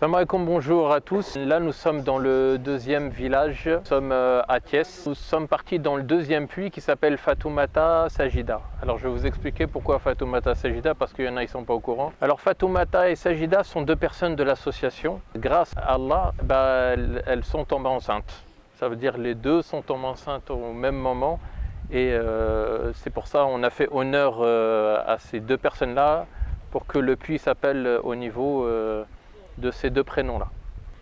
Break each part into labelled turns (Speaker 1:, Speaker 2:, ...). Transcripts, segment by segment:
Speaker 1: Salam bonjour à tous. Là, nous sommes dans le deuxième village. Nous sommes euh, à Thiès. Nous sommes partis dans le deuxième puits qui s'appelle Fatoumata Sajida. Alors, je vais vous expliquer pourquoi Fatoumata Sajida, parce qu'il y en a, ils ne sont pas au courant. Alors, Fatoumata et Sajida sont deux personnes de l'association. Grâce à Allah, bah, elles sont en tombées enceintes. Ça veut dire les deux sont tombées enceintes au même moment. Et euh, c'est pour ça on a fait honneur euh, à ces deux personnes-là pour que le puits s'appelle au niveau de ces deux prénoms-là.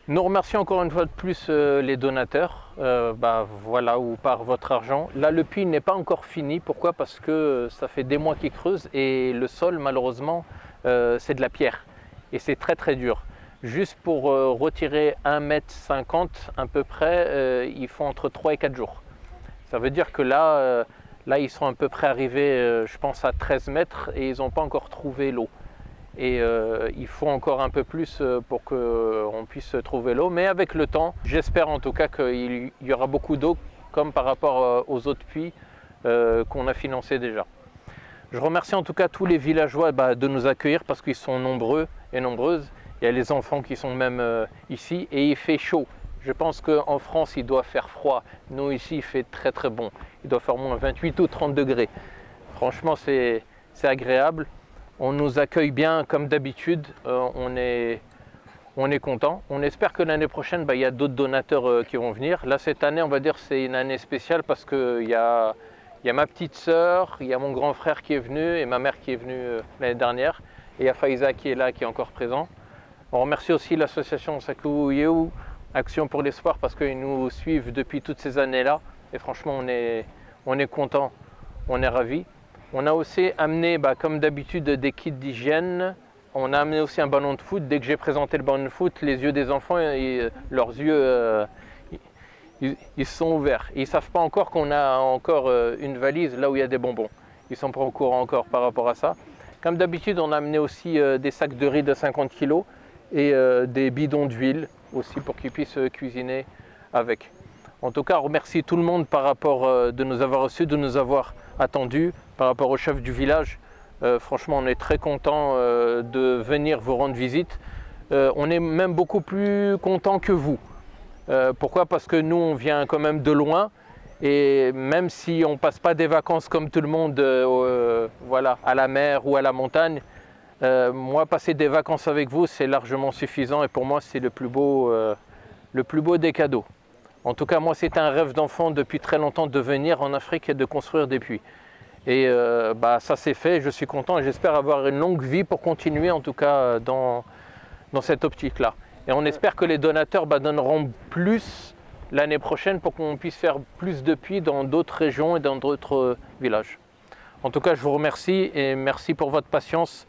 Speaker 1: Nous remercions encore une fois de plus euh, les donateurs, euh, bah, voilà, ou par votre argent. Là, le puits n'est pas encore fini. Pourquoi Parce que euh, ça fait des mois qu'il creuse et le sol, malheureusement, c'est de la pierre. Et c'est très très dur. Juste pour retirer 1,50 m à peu près, il faut entre 3 et 4 jours. Ça veut dire que là, là ils sont à peu près arrivés, je pense, à 13 mètres et ils n'ont pas encore trouvé l'eau et euh, il faut encore un peu plus euh, pour qu'on euh, puisse trouver l'eau. Mais avec le temps, j'espère en tout cas qu'il y aura beaucoup d'eau comme par rapport aux autres puits qu'on a financés déjà. Je remercie en tout cas tous les villageois bah, de nous accueillir parce qu'ils sont nombreux et nombreuses. Il y a les enfants qui sont même ici et il fait chaud. Je pense qu'en France, il doit faire froid. Nous, ici, il fait très très bon. Il doit faire au moins 28 ou 30 degrés. Franchement, c'est agréable. On nous accueille bien comme d'habitude. Euh, on est, on est content. On espère que l'année prochaine, bah, il y a d'autres donateurs euh, qui vont venir. Là, cette année, on va dire c'est une année spéciale parce qu'il y a, ma petite sœur, il y a mon grand frère qui est venu et ma mère qui est venue euh, l'année dernière. Et il y a Faiza qui est là, qui est encore présent. On remercie aussi l'association Saku Action pour l'Espoir, parce qu'ils nous suivent depuis toutes ces années-là. Et franchement, on est, on est content, on est ravis. On a aussi amené, bah, comme d'habitude, des kits d'hygiène. On a amené aussi un ballon de foot. Dès que j'ai présenté le ballon de foot, les yeux des enfants, euh, leurs yeux, euh, ils, sont ouverts. Ils ne savent pas encore qu'on a encore euh, une valise là où il y a des bonbons. Ils ne sont pas au courant encore par rapport à ça. Comme d'habitude, on a amené aussi des sacs de riz de 50 kg et des bidons d'huile aussi pour qu'ils puissent cuisiner avec. En tout cas, remercie tout le monde par rapport de nous avoir reçus, de nous avoir attendus par rapport au chef du village. Euh, franchement, on est très content euh, de venir vous rendre visite. Euh, on est même beaucoup plus content que vous. pourquoi Parce que nous, on vient quand même de loin. Et même si on ne passe pas des vacances comme tout le monde voilà, à la mer ou à la montagne, moi, passer des vacances avec vous, c'est largement suffisant. Et pour moi, c'est le, plus beau, le plus beau des cadeaux. En tout cas, moi, c'est un rêve d'enfant depuis très longtemps de venir en Afrique et de construire des puits. Et euh, bah, ça s'est fait, je suis content et j'espère avoir une longue vie pour continuer en tout cas euh, dans, cette optique-là. Et on espère que les donateurs bah, donneront plus l'année prochaine pour qu'on puisse faire plus de puits dans d'autres régions et dans d'autres villages. En tout cas, je vous remercie et merci pour votre patience.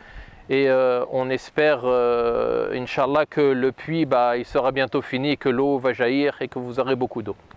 Speaker 1: Et euh, on espère, inshallah que le puits bah, il sera bientôt fini, que l'eau va jaillir et que vous aurez beaucoup d'eau.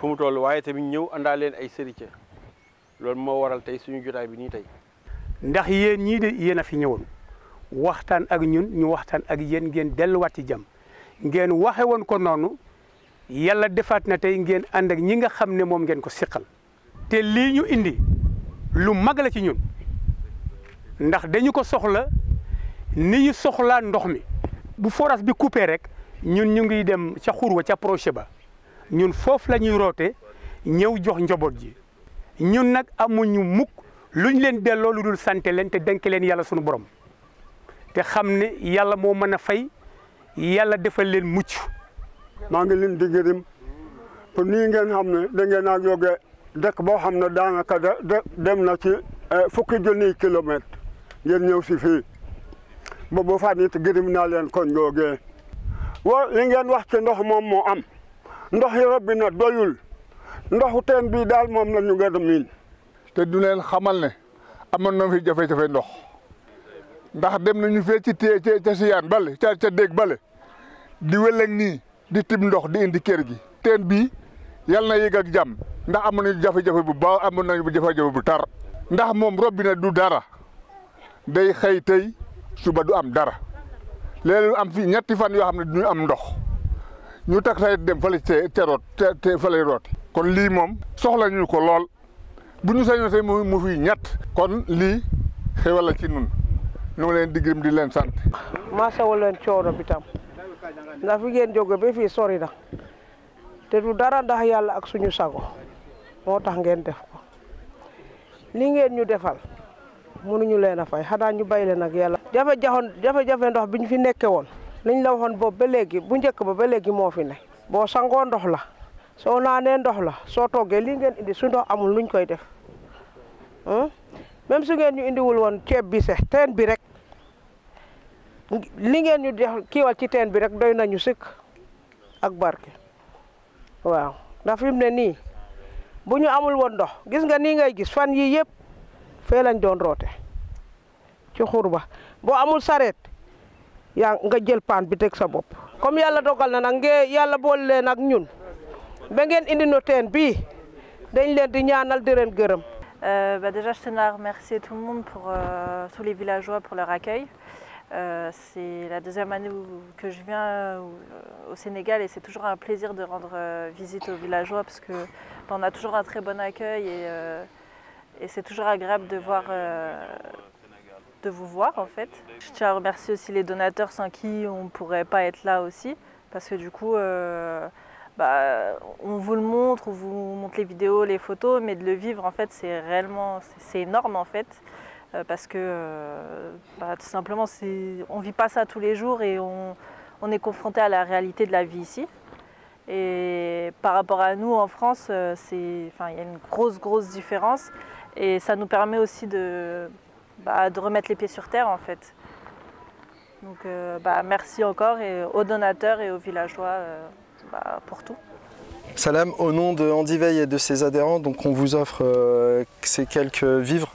Speaker 2: fu mu toll waaye tamit ñëw àndaa leen ay sëriñ loolu moo waral tey suñu jotaay bi nii tey. ndax yéen ñii de yéen a fi ñëwoon waxtaan ak ñun ñu waxtaan ak yéen ngeen delluwaat ci jàmm ngeen waxe woon ko noonu yàlla defaat na tey ngeen ànd ak ñi nga xam ne moom ngeen ko siqal te lii ñu indi lu mag la ci ñun ndax dañu ko soxla ni ñu soxlaa ndox mi bu forage bi coupé rek ñun ñu ngi dem ca xur wa ca projet ba. ñun foofu lañuy ñuy roote ñëw jox njaboot ji ñun nag amuñu mukk luñ leen delloo lu dul sante leen te denk leen yàlla sunu borom te xam ne yàlla moo mën a fay yàlla defal leen mucc. maa ngi leen di gërëm pour nii ngeen xam ne da ngeen a jóge dëkk boo xam ne daanaka de dem na ci eh, fukki junniy kilomètre ngeen ñëw si fii boobu fan it gërëm naa leen kon jógee. waaw li ngeen wax ci ndox moom moo am. ndox yoro bi na doyul ndoxu teen bii daal moom na ñu gën a miin te du leen xamal ne amoon na fi jafe-jafe ndox ndax dem na ñu fee ci téye ca ca ca ca déeg bale di wëleeg nii di tib ndox di kër gi teen bii yal na yéeg ak jàmm ndax amoon nañu jafe-jafe bu baax amoon bu jafe-jafe bu tar ndax moom robinet du dara day xëy tey suba du am dara léeg am fi ñetti fan yoo xam ne duñu am ndox ñu tax say dem fële ca root kon lii moom soxla ñu ko lool bu ñu sañoon tey mu mu fi ñett kon lii xewal la ci nun ñu leen di di leen sant. maasawu leen coono bi tam ndax fi ngeen jóge ba fii sori na te du dara ndax yàlla ak suñu sago moo tax ngeen def ko li ngeen ñu defal mënuñu leen a fay xanaa ñu bay leen ak yàlla. jafe-jafe ndox bi ñu fi nekkee woon. liñ la waxoon boobu ba léegi bu njëkk ba ba léegi moo fi ne boo sangoo ndox la soo naanee ndox la soo toggee lii ngeen indi su ndox amul luñ koy def hmm? même su ngeen ñu indiwul woon ceeb bi sax teen bi rek li ngeen ñu def kiiwal ci teen bi rek doy nañu sëkk ak barke waaw ndax fi mu ne nii bu ñu amul woon ndox gis nga nii ngay gis fan yii yëpp fee lañ doon roote ci xur ba boo amul sareet nga jël bi sa comme dogal
Speaker 3: na ñun ba ngeen indi no dañ leen di euh, bah déjà je tiens à remercier tout le monde pour euh, tous les villageois pour leur accueil. Euh, c'est la deuxième année que je viens au Sénégal et c'est toujours un plaisir de rendre visite aux villageois parce que bah, on a toujours un très bon accueil et, et c'est toujours agréable de voir de vous voir en fait. Je tiens à remercier aussi les donateurs sans qui on ne pourrait pas être là aussi parce que du coup euh, bah, on vous le montre, on vous montre les vidéos, les photos, mais de le vivre en fait c'est réellement, c'est énorme en fait euh, parce que euh, bah, tout simplement on ne vit pas ça tous les jours et on, on est confronté à la réalité de la vie ici. Et par rapport à nous en France, il y a une grosse, grosse différence. Et ça nous permet aussi de, bah, de remettre les pieds sur terre en fait. Donc euh, bah, merci encore et aux donateurs et aux villageois euh, bah, pour tout.
Speaker 1: Salam, au nom de Andy Veil et de ses adhérents, donc on vous offre euh, ces quelques vivres.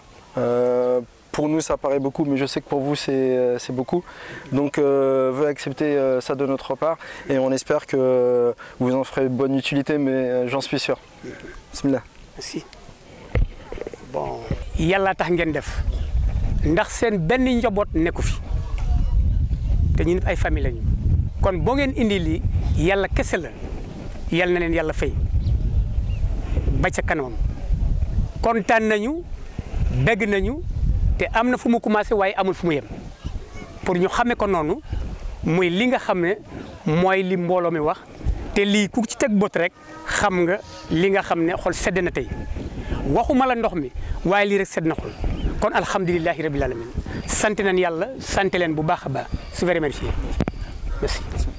Speaker 1: pour nous, ça paraît beaucoup, mais je sais que pour vous, c'est beaucoup. Donc, veuillez accepter ça de notre part et on espère que vous en ferez bonne utilité, mais j'en suis sûr. Bismillah. Merci.
Speaker 2: Bon. Yalla ndax seen benn njaboot nekku fi te ñu nit ay famille lañu kon boo ngeen indi lii yàlla kese la yàlla na leen yàlla fay ba ca kanamam kontaan nañu bégg nañu te am na fu mu commencé waaye amul fu mu yem pour ñu xamee ko noonu muy li nga xam ne mooy li mbooloo mi wax te lii ku ci teg bët rek xam nga li nga xam ne xol sedd na tey waxuma la ndox mi waaye lii rek sedd na xol. kon alhamdullilah rabbil alamin sante nañ yàlla sante len bu baakha ba su su merci merci